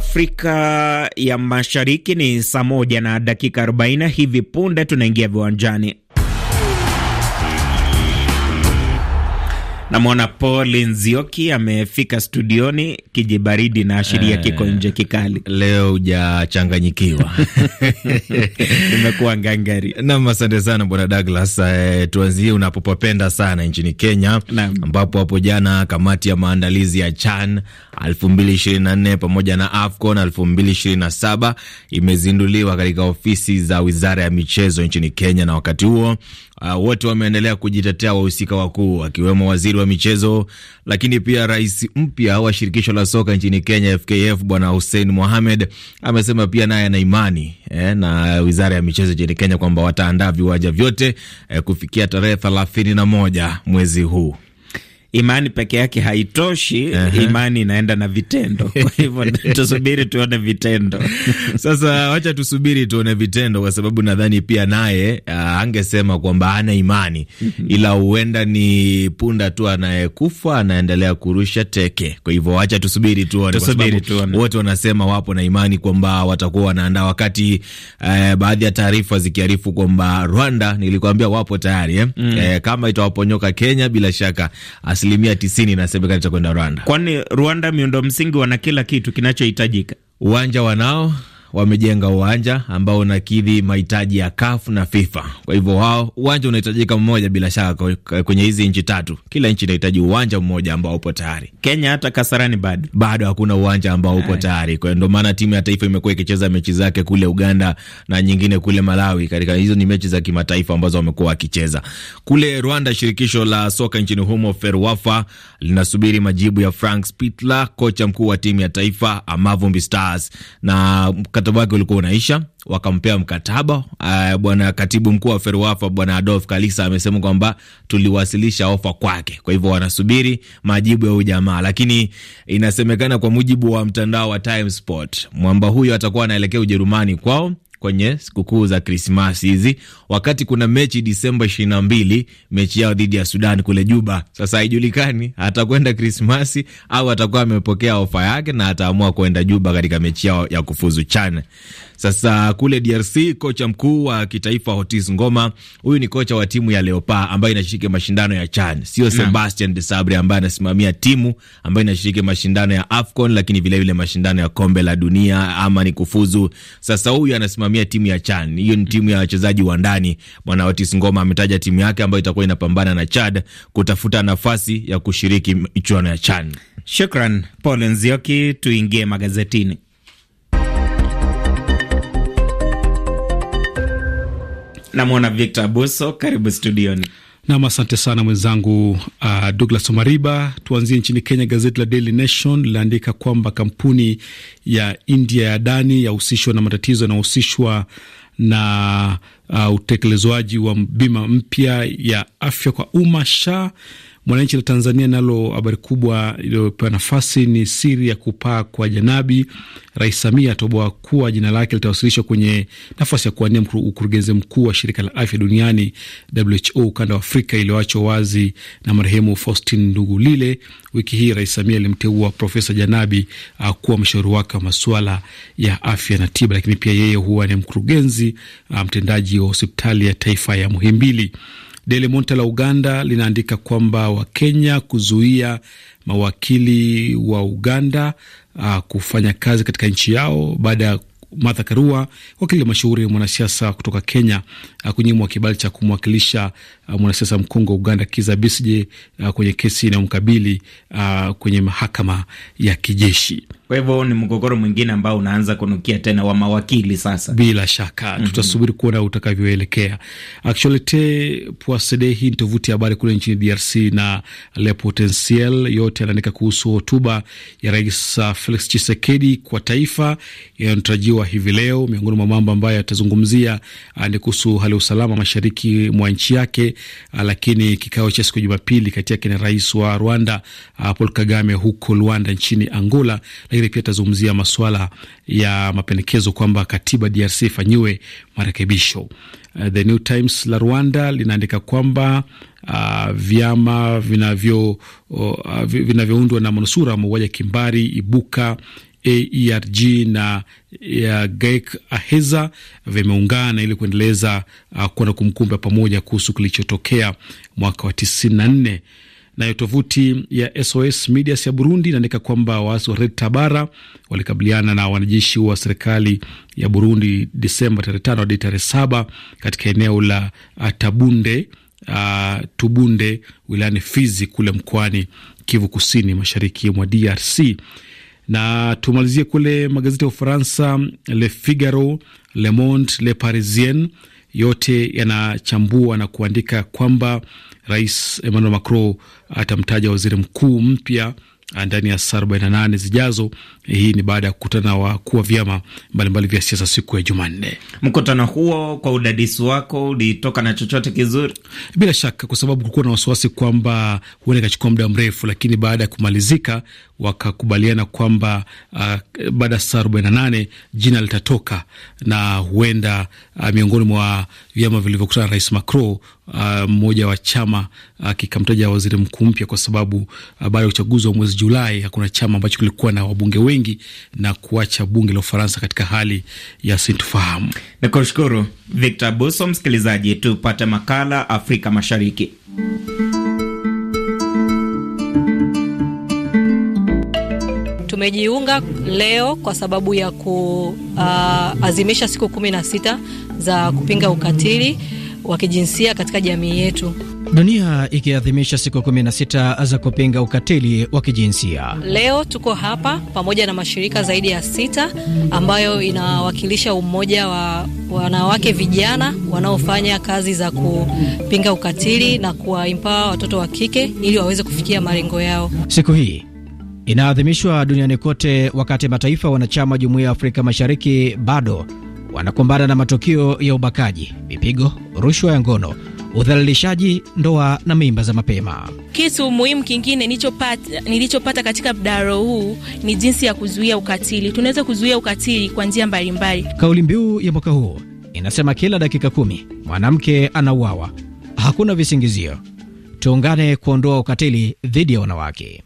Afrika ya Mashariki ni saa moja na dakika 40. Hivi punde tunaingia viwanjani Namwona Paul Nzioki amefika studioni, kijibaridi na ashiria eh, kiko nje kikali. Leo hujachanganyikiwa, imekuwa ngangari. Nam, asante sana bwana Douglas. E, tuanzie unapopapenda sana nchini Kenya, ambapo hapo jana kamati ya maandalizi ya CHAN 2024 pamoja na AFCON 2027 imezinduliwa katika ofisi za wizara ya michezo nchini Kenya, na wakati huo uh, wote wameendelea kujitetea wahusika wakuu akiwemo waziri wa michezo, lakini pia rais mpya wa shirikisho la soka nchini Kenya FKF bwana Hussein Mohamed amesema pia naye ana imani eh, na wizara ya michezo nchini Kenya kwamba wataandaa viwanja vyote eh, kufikia tarehe thelathini na moja mwezi huu imani peke yake haitoshi. uh -huh. Imani inaenda na vitendo, kwa hivyo tusubiri tuone vitendo sasa. Wacha tusubiri tuone vitendo, kwa sababu nadhani pia naye uh, angesema kwamba ana imani mhm. ila huenda ni punda tu anayekufa anaendelea kurusha teke. Kwa hivyo wacha tusubiri tuone, kwa sababu wote wanasema wapo na imani kwamba watakuwa wanaandaa, wakati uh, baadhi ya taarifa zikiarifu kwamba Rwanda, nilikwambia wapo tayari eh? mm. eh, kama itawaponyoka Kenya bila shaka asilimia tisini inasemekana cha kwenda Rwanda. Kwani Rwanda miundo msingi wana kila kitu kinachohitajika, uwanja wanao wamejenga uwanja ambao unakidhi mahitaji ya CAF na FIFA. Kwa hivyo wao uwanja unahitajika mmoja bila shaka kwenye hizi nchi tatu. Kila nchi inahitaji uwanja mmoja ambao upo tayari. Kenya hata Kasarani bado bado hakuna uwanja ambao upo tayari. Kwa hiyo ndio maana timu ya taifa imekuwa ikicheza mechi zake kule Uganda na nyingine kule Malawi. Katika hizo ni mechi za kimataifa ambazo wamekuwa wakicheza. Kule Rwanda, shirikisho la soka nchini humo FERWAFA linasubiri majibu ya Frank Spitler, kocha mkuu wa timu ya taifa Amavumbi Stars na mkataba wake ulikuwa unaisha, wakampea mkataba. Eh, bwana katibu mkuu wa FERWAFA Bwana Adolf Kalisa amesema kwamba tuliwasilisha ofa kwake, kwa hivyo wanasubiri majibu ya huyu jamaa, lakini inasemekana kwa mujibu wa mtandao wa Timesport, mwamba huyo atakuwa anaelekea Ujerumani kwao kwenye sikukuu za Krismasi hizi, wakati kuna mechi Disemba ishirini na mbili, mechi yao dhidi ya Sudan kule Juba. Sasa haijulikani atakwenda Krismasi au atakuwa amepokea ofa yake na ataamua kuenda Juba katika mechi yao ya kufuzu CHAN. Sasa kule DRC, kocha mkuu wa kitaifa Hotis Ngoma, huyu ni kocha wa timu ya Leopard ambayo inashiriki mashindano ya CHAN, sio Sebastian de Sabre ambaye anasimamia timu ambayo inashiriki mashindano ya AFCON, lakini vilevile mashindano ya kombe la dunia ama ni kufuzu. Sasa huyu anasimamia kusimamia timu ya CHAN. Hiyo ni timu ya wachezaji wa ndani. Bwana Otis Ngoma ametaja timu yake ambayo itakuwa inapambana na Chad kutafuta nafasi ya kushiriki michuano ya CHAN. Shukran Paul Nzioki, tuingie magazetini. Namwona Victor Buso, karibu studioni. Nam, asante sana mwenzangu uh, Douglas Omariba. Tuanzie nchini Kenya. Gazeti la Daily Nation linaandika kwamba kampuni ya India ya Adani yahusishwa na matatizo yanahusishwa na uh, utekelezwaji wa bima mpya ya afya kwa umma sha Mwananchi la Tanzania nalo habari kubwa iliyopewa nafasi ni siri ya kupaa kwa janabi. Rais Samia atoboa kuwa jina lake litawasilishwa kwenye nafasi ya kuwania ukurugenzi mkuu wa shirika la afya duniani WHO ukanda wa Afrika iliyoachwa wazi na marehemu Faustin Ndugulile. Wiki hii Rais Samia alimteua Profesa Janabi kuwa mshauri wake wa masuala ya afya na tiba, lakini pia yeye huwa ni mkurugenzi mtendaji wa hospitali ya taifa ya Muhimbili. Daily Monitor la Uganda linaandika kwamba Wakenya kuzuia mawakili wa Uganda uh, kufanya kazi katika nchi yao baada ya Martha Karua, wakili mashuhuri mwanasiasa kutoka Kenya, uh, kunyimwa kibali cha kumwakilisha Uh, mwanasiasa mkongwe wa Uganda Kizza Besigye uh, kwenye kesi inayomkabili uh, kwenye mahakama ya kijeshi. Kwa hivyo ni mgogoro mwingine ambao unaanza kunukia tena wa mawakili sasa. Bila shaka mm -hmm. Tutasubiri kuona utakavyoelekea. Actualite Poisede, hii ni tovuti ya habari kule nchini DRC na Le Potentiel, yote anaandika kuhusu hotuba ya Rais Felix Tshisekedi kwa taifa yanayotarajiwa hivi leo. Miongoni mwa mambo ambayo yatazungumzia ni kuhusu hali ya usalama mashariki mwa nchi yake, Ah, lakini kikao cha siku ya Jumapili kati yake na rais wa Rwanda ah, Paul Kagame huko Luanda nchini Angola, lakini pia atazungumzia masuala ya mapendekezo kwamba katiba DRC ifanyiwe marekebisho. Ah, The New Times la Rwanda linaandika kwamba uh, vyama oh, vinavyoundwa uh, vinavyo na manusura mauaji ya kimbari ibuka AERG na Gaik e Aheza vimeungana ili kuendeleza uh, kuwa kumkumbe pamoja kuhusu kilichotokea mwaka wa 94. Nayo tovuti ya SOS Medias ya Burundi inaandika kwamba waasi wa Red Tabara walikabiliana na wanajeshi wa serikali ya Burundi Desemba tarehe tano hadi tarehe saba katika eneo la uh, Tabunde Uh, Tubunde wilayani Fizi kule mkoani Kivu Kusini mashariki mwa DRC. Na tumalizie kule magazeti ya Ufaransa, Le Figaro, Le Monde, Le Parisien yote yanachambua na kuandika kwamba Rais Emmanuel Macron atamtaja waziri mkuu mpya Ah, ndani ya saa 48 zijazo. Hii ni baada ya kukutana wakuu wa vyama mbalimbali vya siasa siku ya Jumanne. Mkutano huo kwa udadisi wako ulitoka na chochote kizuri? Bila shaka, kwa sababu kulikuwa na wasiwasi kwamba huenda ikachukua muda mrefu, lakini baada ya kumalizika wakakubaliana kwamba uh, baada ya saa 48 jina litatoka na huenda uh, miongoni mwa vyama vilivyokutana na Rais Macron, ah, mmoja wa chama uh, waziri mkuu mpya kwa sababu uh, baada ya uchaguzi wa mwezi Julai hakuna chama ambacho kilikuwa na wabunge wengi na kuacha bunge la Ufaransa katika hali ya sintofahamu. Ni kushukuru Victor Buso. Msikilizaji, tupate makala Afrika Mashariki. Tumejiunga leo kwa sababu ya kuazimisha uh, siku kumi na sita za kupinga ukatili wa kijinsia katika jamii yetu. Dunia ikiadhimisha siku 16 za kupinga ukatili wa kijinsia. Leo tuko hapa pamoja na mashirika zaidi ya sita ambayo inawakilisha umoja wa wanawake vijana wanaofanya kazi za kupinga ukatili na kuwaimpaa watoto wa kike ili waweze kufikia malengo yao. Siku hii inaadhimishwa duniani kote, wakati mataifa wanachama jumuiya ya Afrika Mashariki bado wanakumbana na matukio ya ubakaji, mipigo rushwa ya ngono udhalilishaji, ndoa na mimba za mapema. Kitu muhimu kingine nilichopata katika mdaro huu ni jinsi ya kuzuia ukatili. Tunaweza kuzuia ukatili kwa njia mbalimbali. Kauli mbiu ya mwaka huu inasema kila dakika kumi mwanamke anauawa. Hakuna visingizio, tuungane kuondoa ukatili dhidi ya wanawake.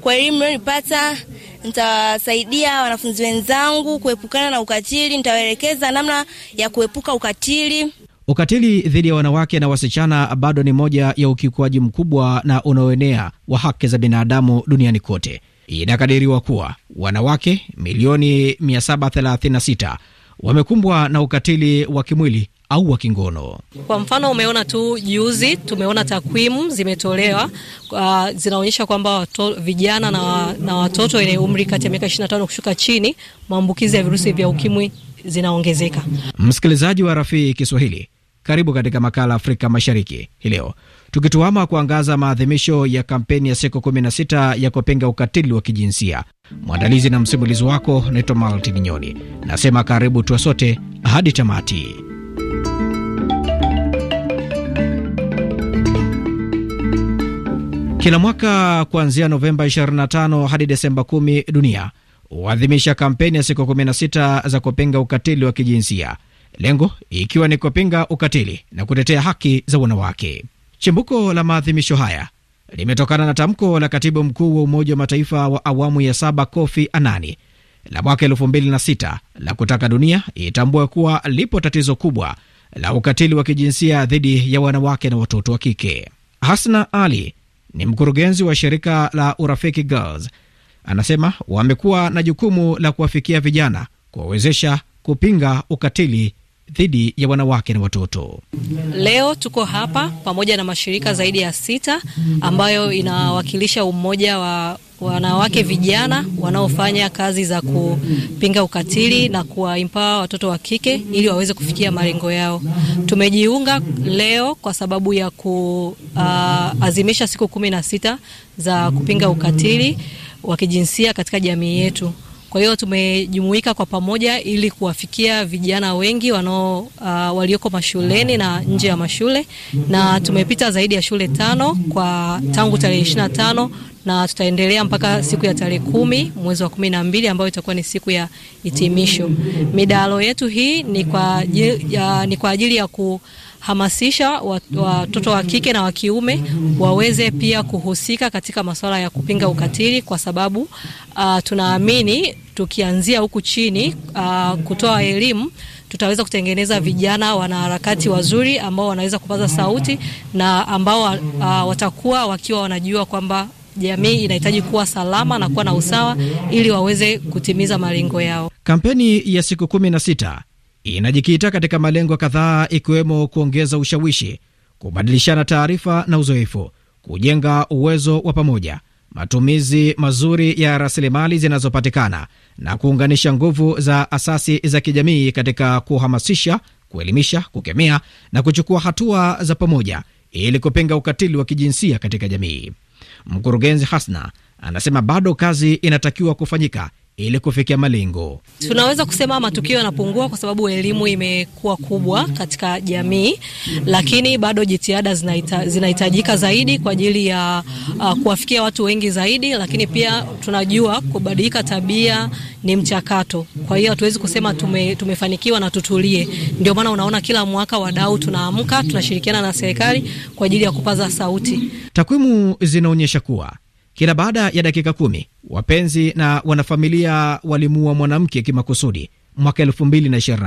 Kwa elimu niliyopata nitawasaidia wanafunzi wenzangu kuepukana na ukatili, nitawaelekeza namna ya kuepuka ukatili. Ukatili dhidi ya wanawake na wasichana bado ni moja ya ukiukwaji mkubwa na unaoenea wa haki za binadamu duniani kote. Inakadiriwa kuwa wanawake milioni 736 wamekumbwa na ukatili wa kimwili au wa kingono. Kwa mfano, umeona tu juzi tumeona takwimu zimetolewa, uh, zinaonyesha kwamba vijana na, na watoto wenye umri kati ya miaka 25 kushuka chini, maambukizi ya virusi vya ukimwi zinaongezeka. Msikilizaji wa Rafii Kiswahili, karibu katika makala Afrika Mashariki hii leo, tukituama kuangaza maadhimisho ya kampeni ya siku 16 ya kupinga ukatili wa kijinsia. Mwandalizi na msimulizi wako naitwa Maltini Nyoni, nasema karibu tuwa sote hadi tamati. Kila mwaka kuanzia Novemba 25 hadi Desemba 10 dunia huadhimisha kampeni ya siku 16 za kupinga ukatili wa kijinsia, lengo ikiwa ni kupinga ukatili na kutetea haki za wanawake. Chimbuko la maadhimisho haya limetokana na tamko la katibu mkuu wa Umoja wa Mataifa wa awamu ya saba Kofi Anani la mwaka sita la kutaka dunia itambue kuwa lipo tatizo kubwa la ukatili wa kijinsia dhidi ya wanawake na watoto wa kike. Hasna Ali ni mkurugenzi wa shirika la Urafiki Girls, anasema wamekuwa na jukumu la kuwafikia vijana, kuwawezesha kupinga ukatili dhidi ya wanawake na watoto. Leo tuko hapa pamoja na mashirika zaidi ya sita ambayo inawakilisha umoja wa wanawake vijana wanaofanya kazi za kupinga ukatili na kuwaimpaa watoto wa kike ili waweze kufikia malengo yao. Tumejiunga leo kwa sababu ya kuazimisha uh, siku kumi na sita za kupinga ukatili wa kijinsia katika jamii yetu. Kwa hiyo tumejumuika kwa pamoja ili kuwafikia vijana wengi wanao uh, walioko mashuleni na nje ya mashule, na tumepita zaidi ya shule tano kwa tangu tarehe ishirini na tano na tutaendelea mpaka siku ya tarehe kumi mwezi wa kumi na mbili ambayo itakuwa ni siku ya hitimisho. Midaalo yetu hii ni kwa ajili ya, ni kwa ajili ya ku hamasisha watoto wa kike na wa kiume waweze pia kuhusika katika masuala ya kupinga ukatili, kwa sababu uh, tunaamini tukianzia huku chini uh, kutoa elimu tutaweza kutengeneza vijana wanaharakati wazuri ambao wanaweza kupaza sauti na ambao uh, watakuwa wakiwa wanajua kwamba jamii inahitaji kuwa salama na kuwa na usawa ili waweze kutimiza malengo yao. Kampeni ya siku kumi na sita inajikita katika malengo kadhaa ikiwemo kuongeza ushawishi, kubadilishana taarifa na uzoefu, kujenga uwezo wa pamoja, matumizi mazuri ya rasilimali zinazopatikana na kuunganisha nguvu za asasi za kijamii katika kuhamasisha, kuelimisha, kukemea na kuchukua hatua za pamoja ili kupinga ukatili wa kijinsia katika jamii. Mkurugenzi Hasna anasema bado kazi inatakiwa kufanyika ili kufikia malengo. Tunaweza kusema matukio yanapungua kwa sababu elimu imekuwa kubwa katika jamii, lakini bado jitihada zinahitajika zaidi kwa ajili ya uh, kuwafikia watu wengi zaidi, lakini pia tunajua kubadilika tabia ni mchakato. Kwa hiyo hatuwezi kusema tume, tumefanikiwa na tutulie. Ndio maana unaona kila mwaka wadau tunaamka, tunashirikiana na serikali kwa ajili ya kupaza sauti. Takwimu zinaonyesha kuwa kila baada ya dakika kumi wapenzi na wanafamilia walimuua mwanamke kimakusudi mwaka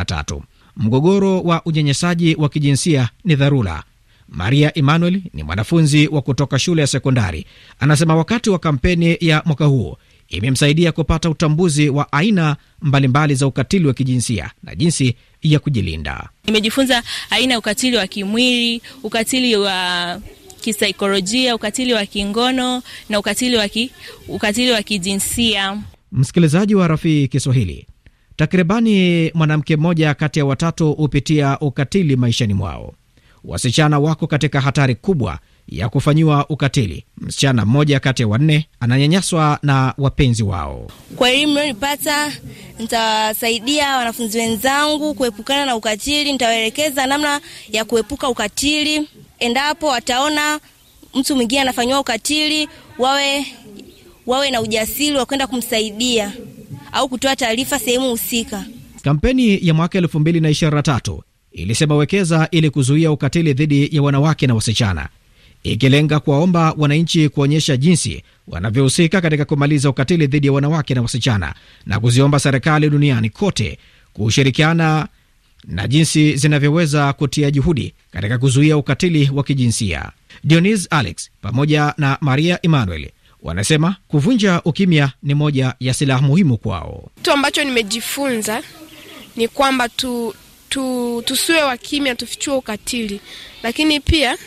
tatu. Mgogoro wa unyanyasaji wa kijinsia ni dharura. Maria Emmanuel ni mwanafunzi wa kutoka shule ya sekondari, anasema wakati wa kampeni ya mwaka huo imemsaidia kupata utambuzi wa aina mbalimbali mbali za ukatili wa kijinsia na jinsi ya kujilinda. Nimejifunza aina ya ukatili wa kimwili, ukatili wa kisaikolojia, ukatili wa kingono na ukatili wa ki, ukatili wa kijinsia. Msikilizaji wa Rafii Kiswahili, takribani mwanamke mmoja kati ya watatu hupitia ukatili maishani mwao. Wasichana wako katika hatari kubwa ya kufanyiwa ukatili. Msichana mmoja kati ya wanne ananyanyaswa na wapenzi wao. Kwa elimu niliyopata, nitawasaidia wanafunzi wenzangu kuepukana na ukatili, nitawaelekeza namna ya kuepuka ukatili endapo wataona mtu mwingine anafanyiwa ukatili, wawe wawe na ujasiri wa kwenda kumsaidia au kutoa taarifa sehemu husika. Kampeni ya mwaka 2023 ilisema wekeza ili kuzuia ukatili dhidi ya wanawake na wasichana, ikilenga kuwaomba wananchi kuonyesha jinsi wanavyohusika katika kumaliza ukatili dhidi ya wanawake na wasichana na kuziomba serikali duniani kote kushirikiana na jinsi zinavyoweza kutia juhudi katika kuzuia ukatili wa kijinsia. Dionis Alex pamoja na Maria Emmanuel wanasema kuvunja ukimya ni moja ya silaha muhimu kwao. Kitu ambacho nimejifunza ni kwamba tu, tu, tusiwe wakimya, tufichue ukatili, lakini pia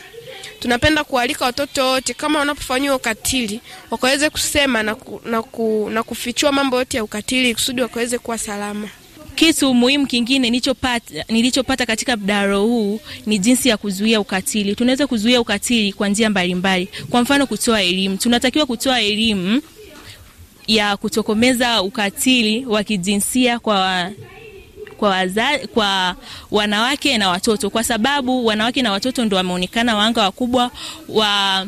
tunapenda kualika watoto wote kama wanapofanyiwa ukatili wakaweze kusema na, ku, na, ku, na kufichua mambo yote ya ukatili kusudi wakaweze kuwa salama. Kitu muhimu kingine nilichopata katika mdaro huu ni jinsi ya kuzuia ukatili. Tunaweza kuzuia ukatili kwa njia mbalimbali, kwa mfano kutoa elimu. Tunatakiwa kutoa elimu ya kutokomeza ukatili wa kijinsia kwa kwa, waza, kwa wanawake na watoto, kwa sababu wanawake na watoto ndio wameonekana wanga wakubwa wa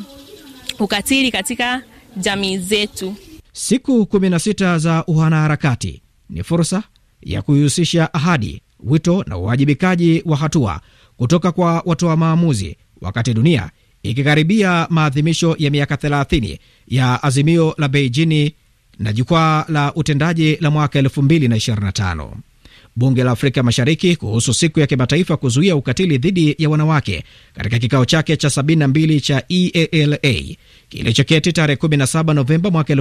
ukatili katika jamii zetu. Siku 16 za uhanaharakati ni fursa ya kuihusisha ahadi, wito na uwajibikaji wa hatua kutoka kwa watoa maamuzi, wakati dunia ikikaribia maadhimisho ya miaka 30 ya azimio la Beijing na jukwaa la utendaji la mwaka 2025. Bunge la Afrika Mashariki kuhusu siku ya kimataifa kuzuia ukatili dhidi ya wanawake katika kikao chake cha 72 cha EALA kilichoketi tarehe 17 Novemba mwaka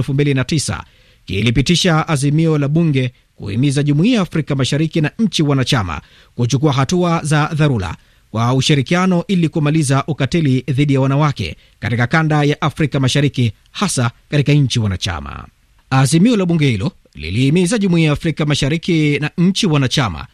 kilipitisha azimio la bunge kuhimiza jumuiya ya Afrika Mashariki na nchi wanachama kuchukua hatua za dharura kwa ushirikiano ili kumaliza ukatili dhidi ya wanawake katika kanda ya Afrika Mashariki, hasa katika nchi wanachama. Azimio la bunge hilo lilihimiza jumuiya ya Afrika Mashariki na nchi wanachama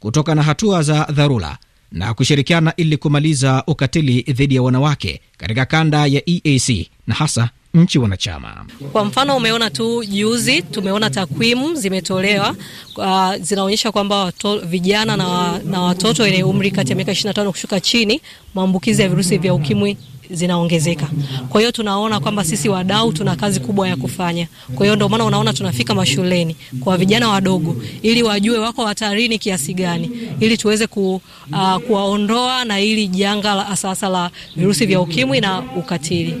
kutoka na hatua za dharura na kushirikiana ili kumaliza ukatili dhidi ya wanawake katika kanda ya EAC na hasa nchi wanachama. Kwa mfano, umeona tu juzi tumeona takwimu zimetolewa, uh, zinaonyesha kwamba vijana na, na watoto wenye umri kati ya miaka 25 kushuka chini, maambukizi ya virusi vya ukimwi zinaongezeka. Kwa hiyo tunaona kwamba sisi wadau tuna kazi kubwa ya kufanya. Kwa hiyo ndio maana unaona tunafika mashuleni kwa vijana wadogo, ili wajue wako hatarini kiasi gani, ili tuweze ku, uh, kuwaondoa na ili janga la sasa la virusi vya ukimwi na ukatili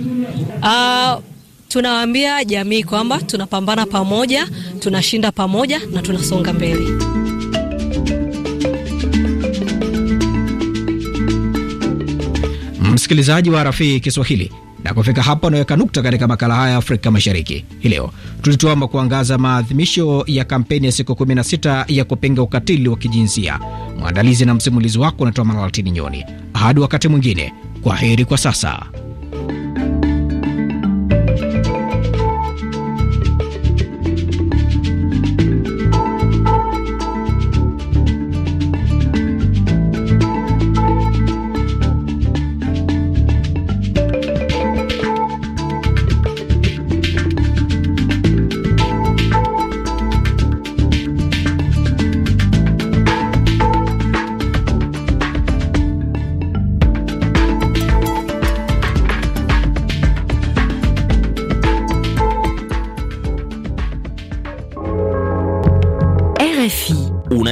uh, tunawaambia jamii kwamba tunapambana pamoja, tunashinda pamoja na tunasonga mbele. msikilizaji wa Rafii Kiswahili, na kufika hapa unaweka nukta katika makala haya ya Afrika Mashariki hii leo. Tulituama kuangaza maadhimisho ya kampeni ya siku 16 ya kupinga ukatili wa kijinsia. Mwandalizi na msimulizi wako unatoa Malaltini Nyoni. Hadi wakati mwingine, kwa heri kwa sasa.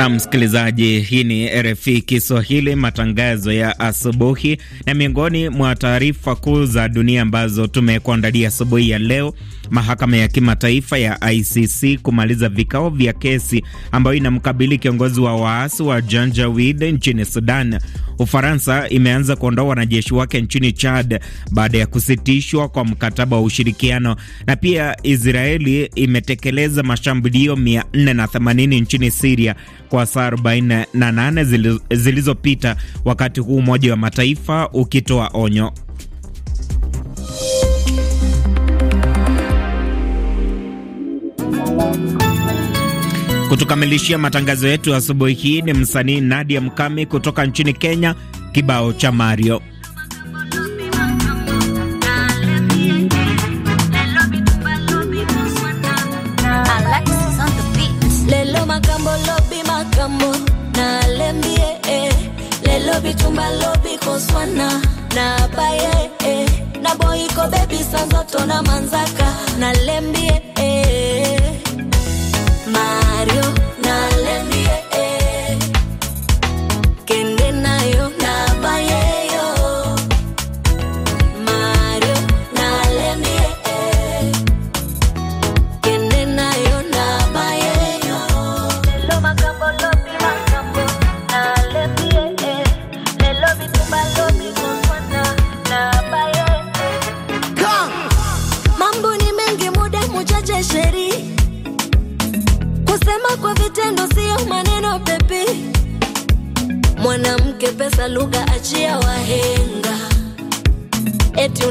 na msikilizaji, hii ni RFI Kiswahili, matangazo ya asubuhi. Na miongoni mwa taarifa kuu za dunia ambazo tumekuandalia asubuhi ya leo, mahakama ya kimataifa ya ICC kumaliza vikao vya kesi ambayo inamkabili kiongozi wa waasi wa Janjawid nchini Sudan, Ufaransa imeanza kuondoa wanajeshi wake nchini Chad baada ya kusitishwa kwa mkataba wa ushirikiano, na pia Israeli imetekeleza mashambulio 480 nchini Siria kwa saa 48 zilizopita, wakati huu Umoja wa Mataifa ukitoa onyo. Kutukamilishia matangazo yetu asubuhi hii ni msanii Nadia Mkami kutoka nchini Kenya, kibao cha Mario. na eh. eh. sanzoto na manzaka na lembie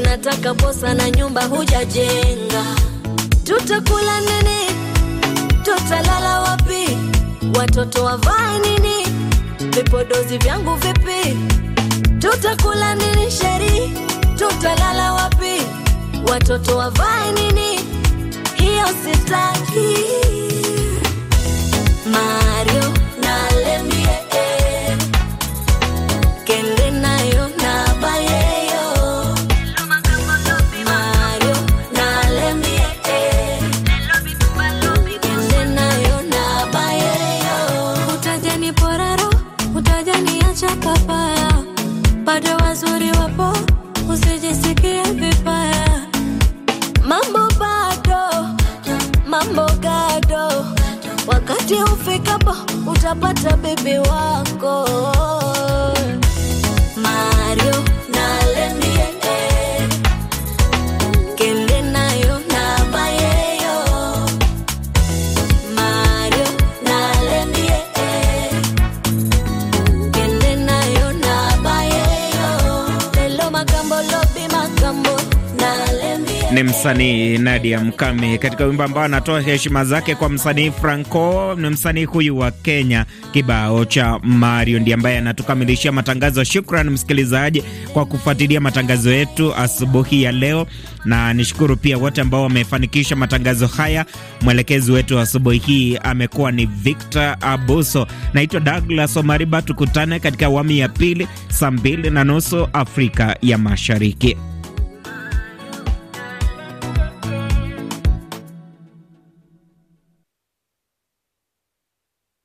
unataka posa na nyumba hujajenga. Tutakula nini? Tutalala wapi? Watoto wavaa nini? Vipodozi vyangu vipi? Tutakula nini? Sheri, tutalala wapi? Watoto wavaa nini? Hiyo sitaki. Mario na hapo utapata bebe wako Mario ni msanii Nadia Mkami katika wimbo ambao anatoa heshima zake kwa msanii Franco. Ni msanii huyu wa Kenya, kibao cha Mario ndiye ambaye anatukamilishia matangazo. Shukran msikilizaji kwa kufuatilia matangazo yetu asubuhi ya leo, na nishukuru pia wote ambao wamefanikisha matangazo haya. Mwelekezi wetu wa asubuhi hii amekuwa ni Victor Abuso. Naitwa Douglas Omariba, tukutane katika awamu ya pili saa mbili na nusu Afrika ya Mashariki.